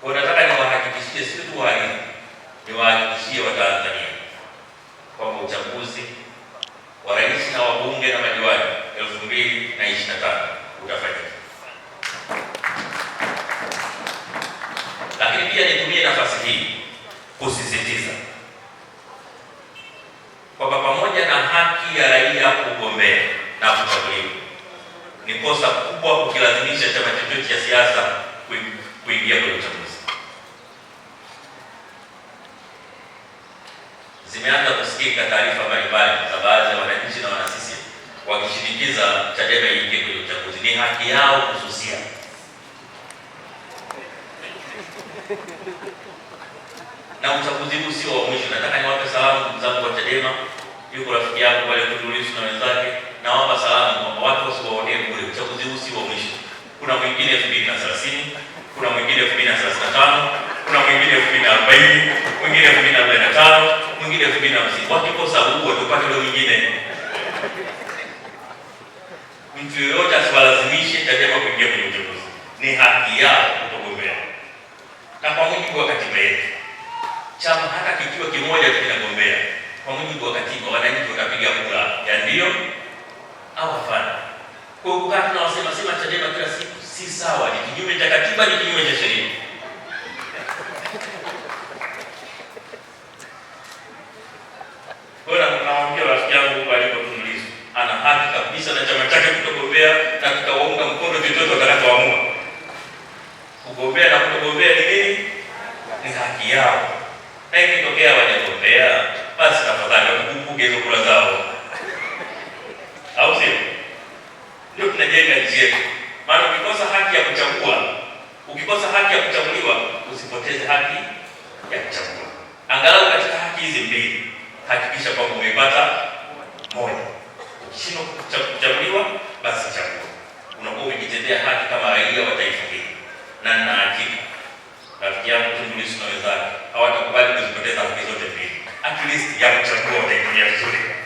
Kwa nataka niwahakikishie, si tu wahidi, niwahakikishie Watanzania kwamba uchaguzi wa rais na wabunge na madiwani elfu mbili na ishirini na tano utafanyika. Lakini pia nitumie nafasi hii kusisitiza kwamba pamoja na haki ya raia kugombea na kuchaguliwa, ni kosa kubwa kukilazimisha chama chochote cha siasa kuingia kwenye uchaguzi. zimeanza kusikika taarifa mbalimbali za baadhi ya wananchi na wanasisi wakishinikiza Chadema iingie kwenye uchaguzi. Ni haki yao kususia. na uchaguzi huu sio wa mwisho. Nataka niwape salamu zangu kwa Chadema, yuko rafiki yangu pale Tundulisu na wenzake, nawapa salamu kwamba watu wasiwaonee bure. Uchaguzi huu sio wa mwisho, kuna mwingine elfu mbili na thelathini, kuna mwingine elfu mbili na thelathini na tano, kuna mwingine elfu mbili na arobaini vyetu binafsi, wakikosa huo tupate leo nyingine. Mtu yoyote asiwalazimishe kwa kuingia kwenye uchaguzi, ni haki yao kutogombea, na kwa mujibu wa katiba yetu chama hata kikiwa kimoja tu kinagombea, kwa mujibu wa katiba wananchi watapiga kura ya ndio au hapana. Kwa hiyo kukaa tunawasema sema Chadema kila siku si sawa, ni kinyume cha katiba, ni kinyume cha sheria. kabisa na chama chake kutogombea na tutawaunga mkono vitoto watakapoamua kugombea na kutogombea. Ni nini? Ni haki yao, na ikitokea wajagombea basi tafadhali wakukumbuke hizo kura zao, au sio? Ndio tunajenga nchi yetu, maana ukikosa haki ya kuchagua, ukikosa haki ya kuchaguliwa, usipoteze haki ya kuchagua. Angalau katika haki hizi mbili hakikisha kwamba umepata moja ukishindwa kuchaguliwa, basi chagua, unakuwa umejitetea haki kama raia wa taifa hili, na nina hakika rafiki yangu Tundu Lissu na wenzake hawatakubali kuzipoteza haki zote mbili, at least ya kuchagua utaitumia vizuri.